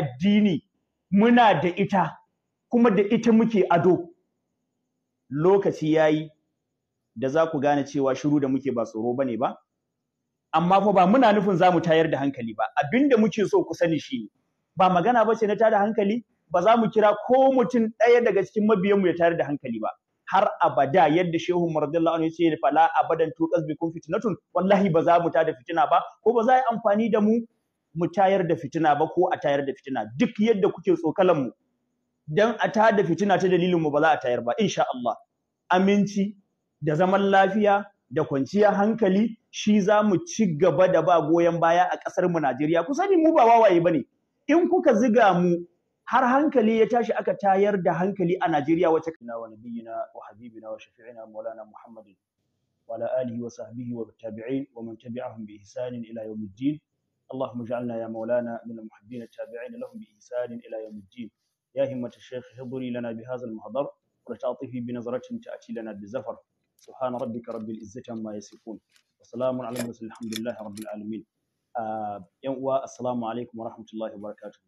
addini muna da ita kuma da ita muke ado lokaci yayi da za ku gane cewa shiru da muke ba tsoro ne ba amma fa ba muna nufin za mu tayar da hankali ba abinda muke so ku sani shi ba magana ba ce na tada hankali ba za mu kira ko mutum ɗaya daga cikin mabiyanmu ya tayar da hankali ba har abada yadda shehu radiyallahu anhu yace fala abadan tuqas bikum fitnatun wallahi ba za mu tada fitina ba ko ba za a yi amfani da mu mu tayar da fitina ba ko a tayar da fitina duk yadda kuke tsokalan mu dan a tayar da fitina ta dalilin mu ba za a tayar ba insha Allah aminci da zaman lafiya da kwanciyar hankali shi za mu ci gaba da ba goyon baya a ƙasar mu Najeriya ku sani mu ba wawaye bane in kuka ziga mu har hankali ya tashi aka tayar da hankali a Najeriya wace kana wa nabiyina wa habibina wa shafi'ina maulana Muhammadin wa ala alihi wa sahbihi wa tabi'in wa man tabi'ahum bi ihsanin ila yawmiddin اللهم اجعلنا يا مولانا من المحبين التابعين لهم بإحسان إلى يوم الدين يا همة الشيخ حضري لنا بهذا المحضر ولتعطفي بنظرة تأتي لنا بالزفر سبحان ربك رب العزة عما يصفون وسلام على المرسلين الحمد لله رب العالمين yan uwa assalamu alaikum wa rahmatullahi wa barakatuh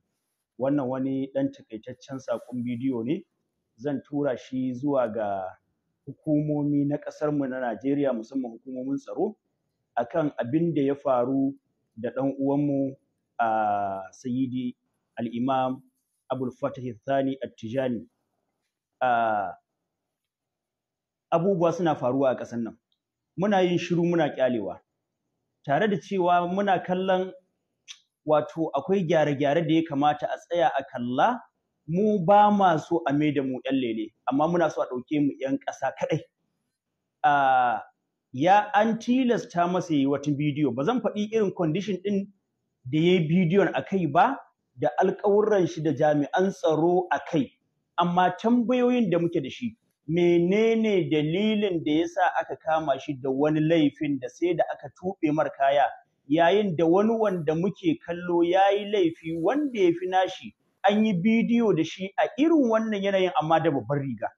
wannan wani dan takaitaccen sakon bidiyo ne zan tura shi zuwa ga hukumomi na kasar mu na Najeriya musamman hukumomin tsaro akan abin da ya faru da ɗan uwanmu a sayyidi al-imam abul fatah thani at-tijani abubuwa suna faruwa a ƙasar nan muna yin shiru muna ƙyalewa. tare da cewa muna kallon wato akwai gyare-gyare da ya kamata a tsaya a kalla mu ba ma so a mai da mu 'yan lele amma muna so a ɗauke mu ƴan ƙasa kaɗai ya an tilasta masa yi wata bidiyo ba zan faɗi irin kwandishin ɗin da ya yi bidiyon a kai ba da alƙawuran shi da jami'an tsaro a kai amma tambayoyin da muke da shi menene dalilin da ya sa aka kama shi da wani laifin da sai da aka tuɓe mar kaya yayin da wani wanda muke kallo ya yi laifi wanda ya fi nashi an yi bidiyo da shi a irin wannan yanayin amma da babbar riga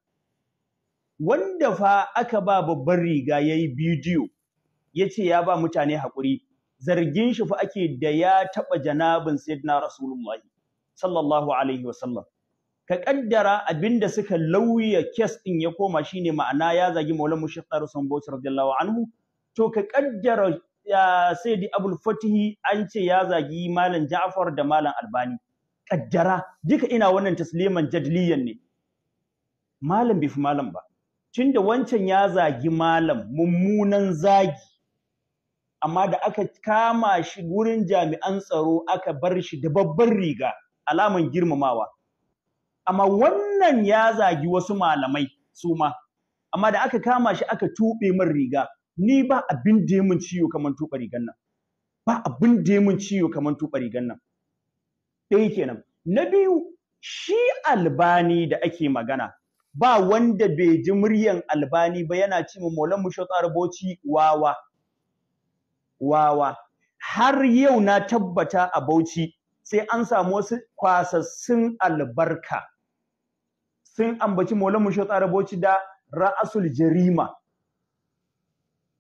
wanda fa aka ba babban riga ya yi bidiyo ya ce ya ba mutane haƙuri zargin shi fa ake da ya taɓa janabin sayyidina rasulullah sallallahu alaihi wasallam ka ƙaddara abinda suka lauya kes ɗin ya koma shine ma'ana ya zagi maulan mushaf ɗarusan bauchi radiyallahu anhu to ka kaddara sayyidi abul fatihi an ce ya zagi malam ja'far da malam albani Ƙaddara, duka ina wannan tasliman jadliyan ne malam bai fi malam ba tun da wancan ya zagi malam mummunan zagi amma da aka kama shi wurin jami'an tsaro aka bar shi da babban riga alaman girmamawa amma wannan ya zagi wasu malamai su ma amma da aka kama shi aka tuɓe min riga ni ba abin da mun ciwo kamar tuɓa rigan nan ba abin da mun ciwo kamar tuɓa rigan nan ɗaya kenan na biyu shi albani da ake magana ba wanda bai ji muryan albani ba yana ce ma maulan mu wawa wawa har yau na tabbata a bauchi sai an samu wasu kwasassun albarka sun ambaci maulan mu shotsar da ra'asul jarima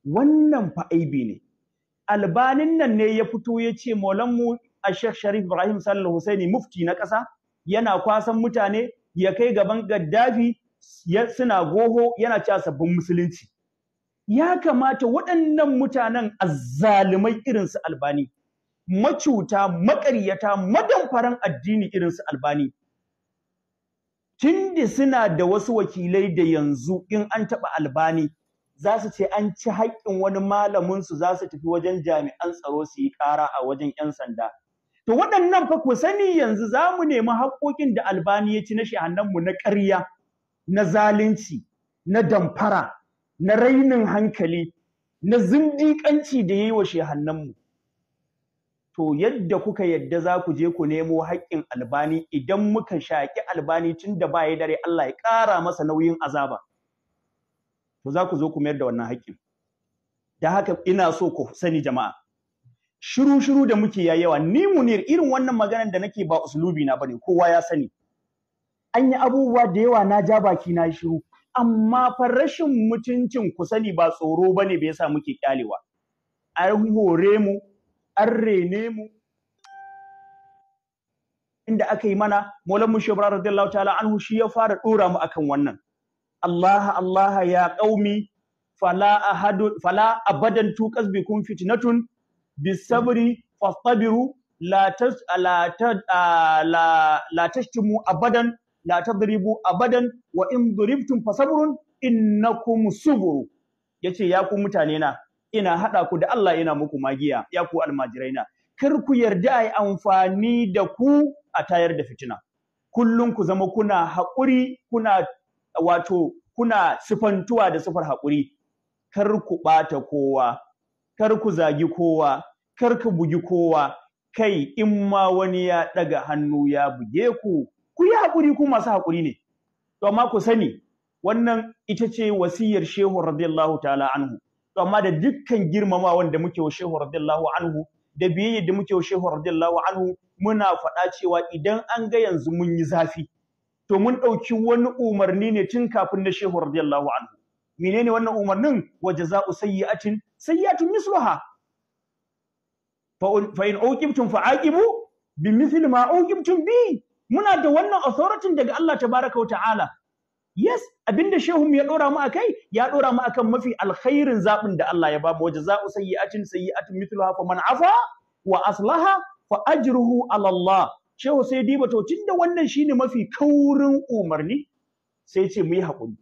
wannan fa aibi ne albanin nan ne ya fito ya ce maulan mu a Sheikh Sharif Ibrahim Sallallahu Wasallam mufti na ƙasa yana kwasan mutane ya kai gaban Gaddafi suna goho yana cewa sabbin musulunci ya kamata waɗannan mutanen azzalumai irin su albani macuta maƙaryata madamfaran addini irin su albani tunda suna da wasu wakilai da yanzu in an taɓa albani za su ce an ci haƙƙin wani malamin su za su tafi wajen jami'an tsaro su yi ƙara a wajen 'yan sanda to waɗannan fa ku sani yanzu za mu nemi haƙƙoƙin da albani ya ci na shahannan mu na ƙarya na zalunci na damfara na rainin hankali na zindiƙanci da ya yi wa shehannanmu to yadda kuka yadda za ku je ku nemo haƙƙin albani idan muka shaƙi albani tun da ba ya dare Allah ya ƙara masa nauyin azaba to za ku zo ku mayar da wannan haƙƙin da haka ina so ku sani jama'a shiru shiru da muke yayawa ni munir irin wannan maganar da nake ba uslubi na bane kowa ya sani an yi abubuwa da yawa na ja baki na shiru amma fa rashin mutuncin ku sani ba tsoro ba ne bai yasa muke kyalewa an hore mu an rene mu inda aka yi mana maulan mu shebra radiyallahu ta'ala anhu shi ya fara dora mu akan wannan Allah Allah ya qaumi fala ahadu fala abadan tuƙas bikum fitnatun bisabri fastabiru la tas la la la abadan la tadribu abadan wa in duribtum fasabrun innakum suburu yace ya ku mutane na ina hada ku da Allah ina muku magiya ya ku almajirai na kar ku yarda ai amfani da ku a tayar da fitina kullun ku zama kuna haƙuri kuna wato kuna sifantuwa da sifar haƙuri kar ku ɓata kowa kar ku zagi kowa kar ku bugi kowa kai in ma wani ya ɗaga hannu ya buge ku ku yi haƙuri ku masu hakuri ne to amma ku sani wannan ita ce wasiyar shehu radiyallahu ta'ala anhu to amma da dukkan girmamawan da muke wa shehu radiyallahu anhu da biyayya da muke wa shehu radiyallahu anhu muna faɗa cewa idan an ga yanzu mun yi zafi to mun ɗauki wani umarni ne tun kafin na shehu radiyallahu anhu menene wannan umarnin wa jaza'u sayyi'atin sayyi'atun misluha fa in uqibtum fa bi bimithli ma uqibtum bi muna da wannan authority daga Allah tabaraka wa ta'ala yes abinda Shehu ya dora mu akai ya dora mu akan mafi alkhairin zabin da Allah ya ba. bamu wajaza'u sayyi'atin sayyi'atin mithluha man afa wa aslaha fa ajruhu ala Allah shehu sai diba to tunda wannan shine mafi kaurin umarni sai ce mu yi hakuri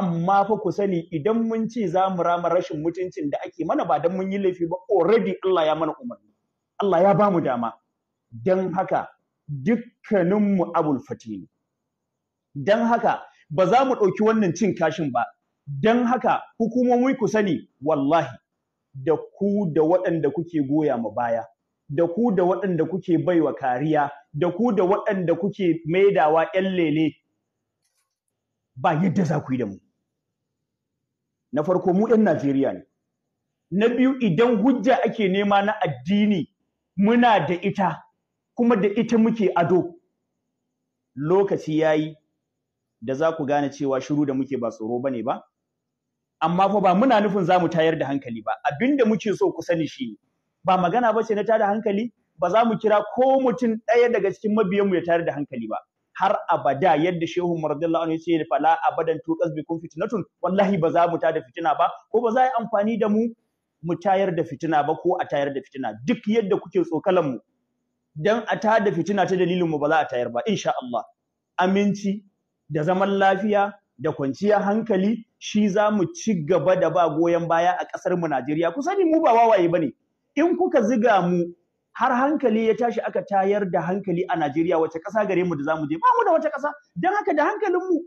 amma fa ku sani idan mun ce za mu rama rashin mutuncin da ake mana ba dan mun yi laifi ba already Allah ya mana umarni Allah ya ba mu dama dan haka dukkaninmu abul fati ne don haka ba za mu ɗauki wannan cin kashin ba don haka hukumomi ku sani wallahi da ku da waɗanda kuke goya ma baya da ku da waɗanda kuke baiwa kariya da ku da waɗanda kuke maidawa yan lele ba yadda za ku yi da mu na farko mu yan Najeriya ne na biyu idan hujja ake nema na addini muna da ita kuma da ita muke ado lokaci yayi da za ku gane cewa shiru da muke ba tsoro bane ba amma fa ba muna nufin za mu tayar da hankali ba abinda muke so ku sani shi ba magana ba ce na tada hankali ba za mu kira ko mutum ɗaya daga cikin mabiyanmu ya tayar da hankali ba har abada yadda shehu radiyallahu ya ce fala abadan tuqas kun fitnatun wallahi ba za mu tada fitina ba ko ba za yi amfani da mu mu tayar da fitina ba ko a tayar da fitina duk yadda kuke tsokalan mu dan a tada fitina ta dalilin mu ba za a tayar ba insha Allah aminci da zaman lafiya da kwanciyar hankali shi za mu ci gaba da ba goyon baya a ƙasar mu Najeriya ku sani mu ba wawaye bane in kuka ziga mu har hankali ya tashi aka tayar da hankali a Najeriya wace ƙasa gare mu da zamu je ba mu da wata ƙasa dan haka da hankalin mu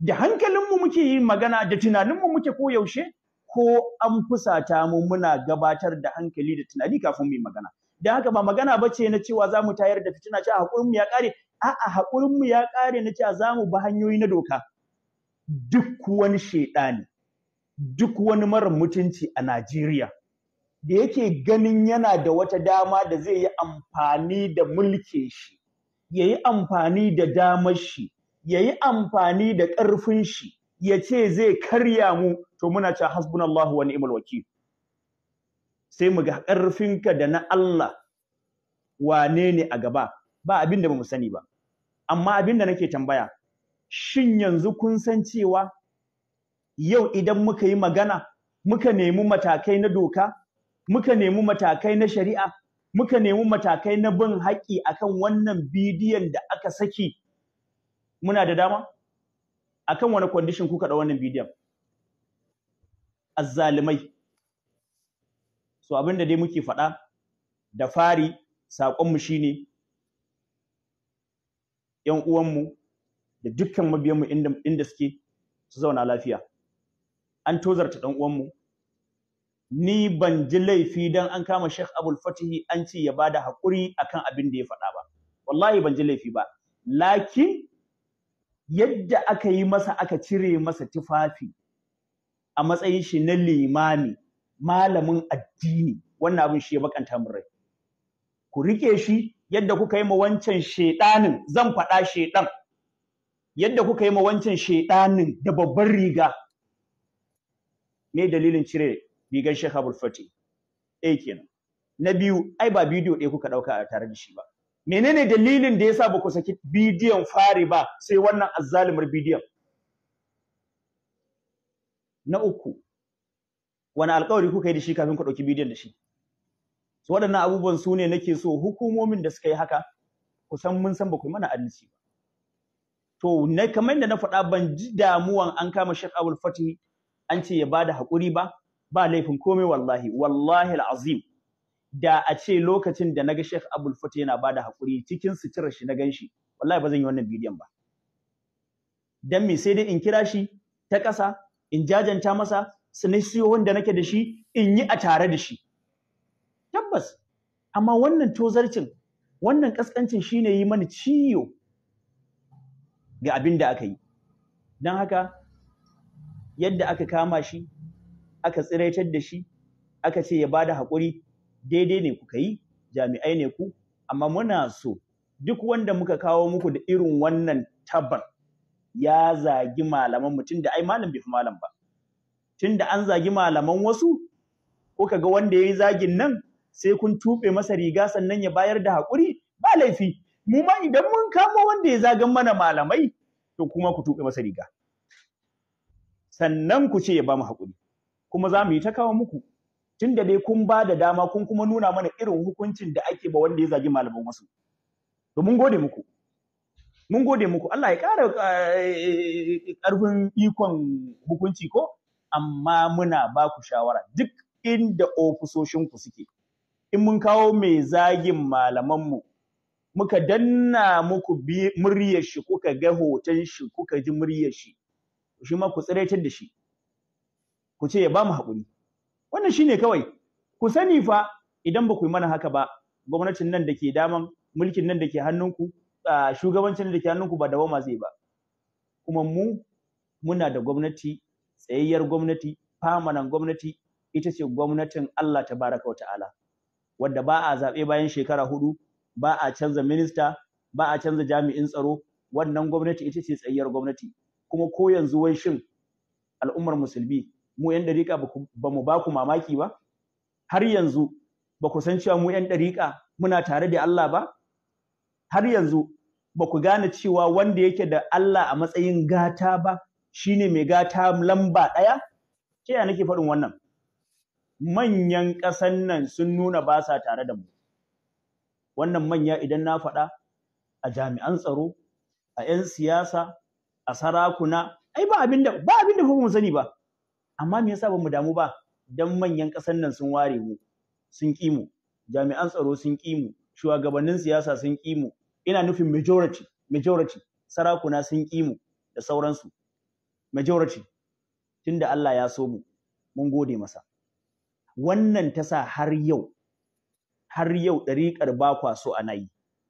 da hankalin mu muke yi magana da tunanin mu muke koyaushe ko an fusata mu muna gabatar da hankali da tunani kafin mu yi magana da haka ba magana bace na cewa zamu tayar da fitina ce hakurin mu ya ƙare a'a hakurin mu ya ƙare na cewa za mu bi hanyoyi na doka duk wani shaiɗani duk wani mara mutunci a Najeriya da yake ganin yana da wata dama da zai yi amfani da mulki shi ya yi amfani da damar shi ya yi amfani da ƙarfin shi ya ce zai karya mu to muna cewa hasbunallahu wa ni'mal wakil sai mu ga ƙarfinka da na Allah wane ne a gaba ba abin da bamu sani ba amma abin da nake tambaya shin yanzu kun san cewa yau idan muka yi magana muka nemi matakai na doka muka nemi matakai na shari'a muka nemi matakai na bin haƙƙi akan wannan bidiyon da aka saki muna da dama akan wani condition kuka da wannan bidiyon azzalimai so abin da dai muke faɗa da fari saƙonmu shine ‘yan uwanmu da dukkan mabiyanmu inda suke su zauna lafiya an tozarta ɗan uwanmu ni ban ji laifi dan an kama Sheikh Abul Fatihi an ce ya bada hakuri akan abin da ya faɗa ba wallahi ban ji laifi ba lakin yadda aka yi masa aka cire masa tufafi a matsayin shi na limami malamin addini wannan abin shi ya bakanta min rai ku rike shi yadda kuka yi ma wancan shedanin zan faɗa shedan yadda kuka yi ma wancan shedanin da babban riga me dalilin cire rigar Sheikh Abdul Fatih eh kenan na biyu ai ba bidiyo ɗaya kuka ɗauka a tare da shi ba menene dalilin da yasa ba ku saki bidiyon fari ba sai wannan azzalumar bidiyon na uku wani alƙawari kuka yi da shi kafin ku ɗauki bidiyon da shi so waɗannan abubuwan su ne nake so hukumomin da suka yi haka kusan mun san ba ku mana adalci ba to na kamar da na faɗa ban ji damuwan an kama Sheikh Abdul Fatih an ce ya bada haƙuri ba ba laifin komai wallahi wallahi alazim da a ce lokacin da naga Sheikh Abdul Fatih yana bada haƙuri cikin sutura shi na ganshi wallahi ba zan yi wannan bidiyon ba dan me sai dai in kira shi ta ƙasa in jajanta masa siyo wanda nake da shi in yi a tare da shi tabbas amma wannan tozarcin wannan kaskancin shine yi mana ciyo ga abin da aka yi don haka yadda aka kama shi aka tsiraitar da shi aka ce ya bada haƙuri daidai ne kuka yi jami'ai ne ku amma muna so duk wanda muka kawo muku da irin wannan tabbar ya zagi malaman mutum da ai malam bai fi malam ba tunda an zagi malaman wasu ko ga wanda ya yi zagin nan sai kun tuɓe masa riga sannan ya bayar da haƙuri ba laifi mu ma idan mun kama wanda ya zagan mana malamai to kuma ku tuɓe masa riga sannan ku ce ya ba mu haƙuri kuma za mu yi ta kawo muku tun dai kun ba da dama kun kuma nuna mana irin hukuncin da ake ba wanda ya zagi malaman wasu to mun gode muku mun gode muku Allah ya ƙara karfin eh, ikon hukunci ko amma muna ba ku shawara duk inda ofisoshinku suke in mun kawo mai zagin malamanmu muka danna muku muryar shi kuka ga hoton shi kuka ji muryar shi shi ma ku tsiraitar da shi ku ce ya ba mu haƙuri wannan shine kawai ku sani fa idan ba ku yi mana haka ba gwamnatin nan da ke daman mulkin nan da ke hannunku shugabancin da ke hannunku ba da zai ba kuma mu muna da gwamnati tsayayyar gwamnati famanan gwamnati ita ce gwamnatin Allah baraka wa ta'ala wadda ba a zaɓe bayan shekara hudu ba a canza minista ba a canza jami'in tsaro wannan gwamnati ita ce tsayayyar gwamnati kuma ko yanzu wai shin al'ummar musulmi mu yan dariƙa ba mu ba ku mamaki ba har yanzu ba ku san cewa mu yan dariƙa muna tare da Allah ba har yanzu ba ku gane cewa wanda yake da Allah a matsayin gata ba shine mai gata lamba ɗaya ta ya nake faɗin wannan manyan ƙasan nan sun nuna ba sa tare da mu wannan manya idan na faɗa a jami'an tsaro a 'yan siyasa a sarakuna ai ba abin da ba abin da mu sani ba amma me yasa mu damu ba dan manyan ƙasan nan sun ware mu sun ƙi mu jami'an tsaro sun ƙi mu shugabannin siyasa sun ƙi mu ina nufin majority majority sarakuna sun ƙi mu da sauransu majority tunda Allah ya so mu mun gode masa wannan ta sa har yau har yau ɗariƙar ba kwa so ana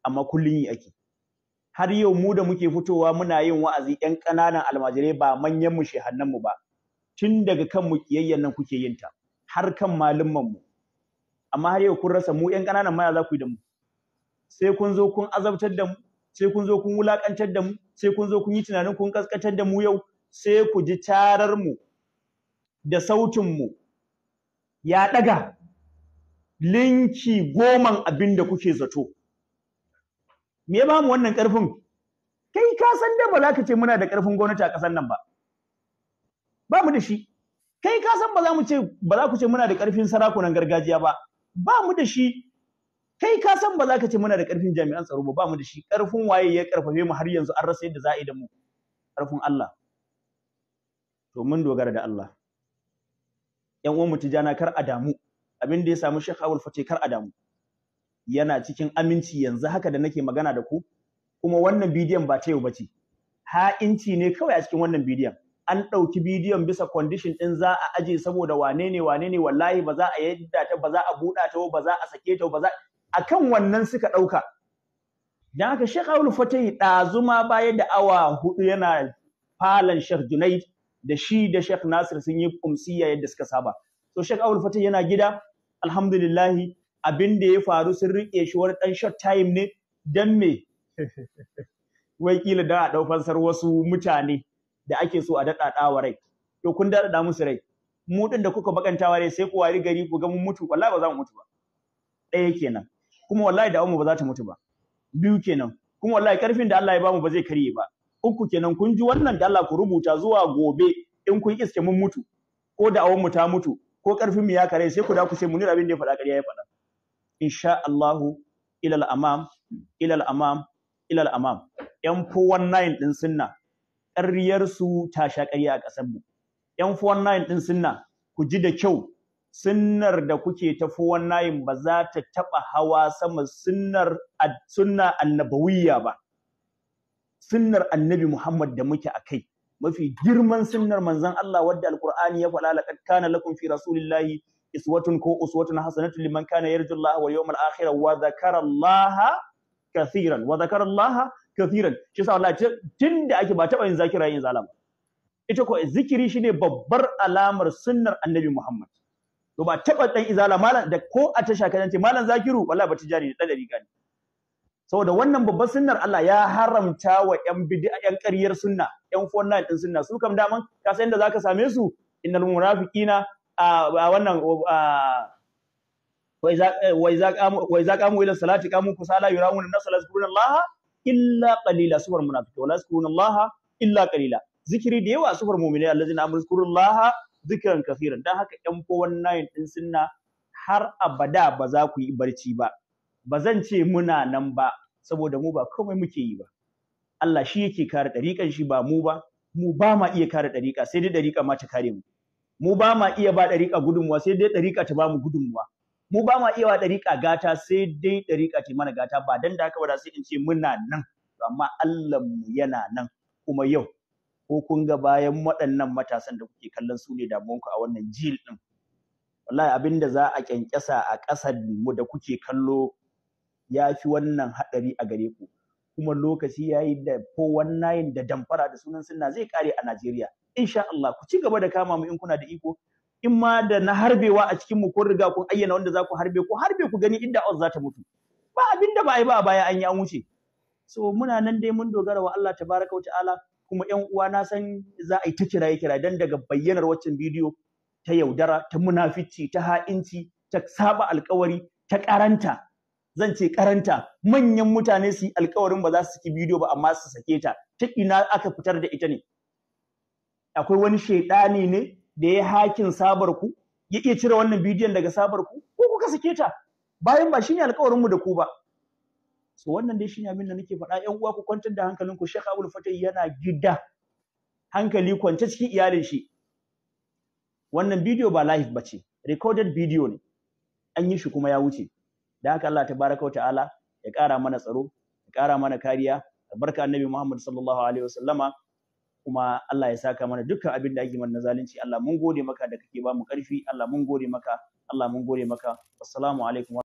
amma kullum yi ake har yau mu da muke fitowa muna yin wa'azi ƴan ƙananan almajirai ba manyan mu shehannan mu ba tun daga kan mu kiyayyen nan kuke yin ta har kan malumman mu amma har yau kun rasa mu ƴan ƙananan maya za ku yi da mu sai kun zo kun azabtar da mu sai kun zo kun wulakantar da mu sai kun zo kun yi tunanin kun kaskatar da mu yau sai ku ji tararmu da sautinmu ya ɗaga linki goman abin da kuke zato. Me ya mu wannan ƙarfin? Kai ka san da ba za ka ce muna da ƙarfin gwamnati a ƙasar nan ba. Ba mu da shi. Kai ka san ba za mu ce ba za ku ce muna da ƙarfin sarakunan gargajiya ba. Ba mu da shi. Kai ka san ba za ka ce muna da ƙarfin jami'an tsaro ba ba mu da shi. Ƙarfin waye ya ƙarfafe mu har yanzu an rasa yadda za a yi da mu. Ƙarfin Allah. to mun dogara da Allah yan uwan mutijana kar a damu abin da ya samu Sheikh Awul Fati kar a damu yana cikin aminci yanzu haka da nake magana da ku kuma wannan bidiyon ba ta yau bace ha'inci ne kawai a cikin wannan bidiyon an ɗauki bidiyon bisa condition ɗin za a aje saboda wane ne wane ne wallahi ba za a yadda ta ba za a buɗa ta ba za a sake ta ba za akan wannan suka ɗauka dan haka Sheikh Awul fatai ɗazuma baya da awa hudu yana falan Sheikh Junaid da shi da Sheikh Nasir sun yi kumsiya yadda suka saba to Sheikh Abdul Fatah yana gida alhamdulillah abin da ya faru sun rike shi wani dan short time ne dan me wai kila da a dau fansar wasu mutane da ake so a dawa rai to kun da musu rai mu din da kuka bakantawa rai sai ku wari gari ku ga mun mutu wallahi ba za mu mutu ba ɗaya kenan kuma wallahi da mu ba za ta mutu ba biyu kenan kuma wallahi karfin da Allah ya bamu ba zai karye ba uku kenan kun ji wannan da Allah ku rubuta zuwa gobe in kun iske mun mutu ko da awon mu ta mutu ko karfin mu ya kare sai ku da ku sai munir abin da ya faɗa ƙarya ya faɗa insha Allah ila al-amam ila al-amam ila al-amam yan 419 din sunna ƙaryar su ta sha ƙarya a ƙasar mu yan 419 din sunna ku ji da kyau sunnar da kuke ta 419 ba za ta taba hawa sama sunnar sunna annabawiyya ba sunnar annabi Muhammad da muke a kai mafi girman sunnar manzan Allah wadda alqur'ani ya faɗa laqad kana lakum fi rasulillahi iswatun ko uswatun hasanatu liman kana yarju Allah wal yawmal akhir wa dhakara Allah kathiran wa dhakara Allah kathiran shi yasa Allah tunda ake ba taba yin zakira yin zalama ita ko zikiri shine babbar alamar sunnar annabi Muhammad to ba taba dan izala malam da ko a tasha kan ce malam zakiru wallahi ba tijari da dan riga ne saboda wannan babbar sunnar Allah ya haramta wa ƴan bid'a ƴan ƙaryar sunna ƴan 49 din sunna su kam daman ka san inda zaka same su innal munafiqina a wannan wa iza qamu ila salati qamu kusala yurawuna an-nasa la yazkuruna Allah illa qalila sufar munafiqi wa la yazkuruna Allah illa qalila zikiri da yawa sufar mu'minai allazina amru Allah zikran kaseeran dan haka ƴan 49 din sunna har abada ba za ku yi barci ba ba zan ce muna nan ba saboda mu ba komai muke yi ba Allah shi yake kare ɗariƙan shi ba mu ba mu ba ma iya kare ɗariƙa sai dai ɗariƙa ma ta kare mu mu ba ma iya ba ɗariƙa gudunmuwa sai dai ɗariƙa ta ba mu gudunmuwa mu ba ma iya wa ɗariƙa gata sai dai ɗariƙa ta mana gata ba dan da haka ba sai in ce muna nan amma Allah mu yana nan kuma yau ko kun ga bayan waɗannan matasan da kuke kallon su ne damuwanku a wannan jil ɗin wallahi abin da za a kyankyasa a ƙasar mu da kuke kallo ya fi wannan haɗari a gare ku kuma lokaci ya yi da ko wannan da damfara da sunan sunna zai kare a Najeriya insha Allah ku ci gaba da kama mu in kuna da iko in ma da na harbewa a cikin mu kun riga kun ayyana wanda za ku harbe ku harbe ku gani inda Allah za ta mutu ba abin ba a yi ba a baya an yi an wuce so muna nan dai mun dogara wa Allah tabaraka wa ta'ala kuma ƴan uwa na san za a yi ta kiraye kira dan daga bayyanar waccan bidiyo ta yaudara ta munafici ta ha'inci ta saba alkawari ta karanta zan ce karanta manyan mutane su yi alkawarin ba za su saki bidiyo ba amma su sake ta ta ina aka fitar da ita ne akwai wani shaidani ne da ya hakin sabar ku ya iya cire wannan bidiyon daga sabar ku ko kuka sake ta bayan ba shine alkawarin mu da ku ba so wannan dai shine abin da nake faɗa ƴan uwa ku kwantar da hankalin ku Sheikh Abdul Fatah yana gida hankali kwance cikin iyalin shi wannan bidiyo ba live bace recorded bidiyo ne an yi shi kuma ya wuce da haka Allah tabaraka ta'ala ya ƙara mana tsaro ya ƙara mana kariya barka annabi Muhammad sallallahu alaihi wasallama kuma Allah ya saka mana dukkan abin da ake mana zalunci Allah mun gode maka da kake ba mu ƙarfi Allah mun gode maka Allah mun gode maka assalamu alaikum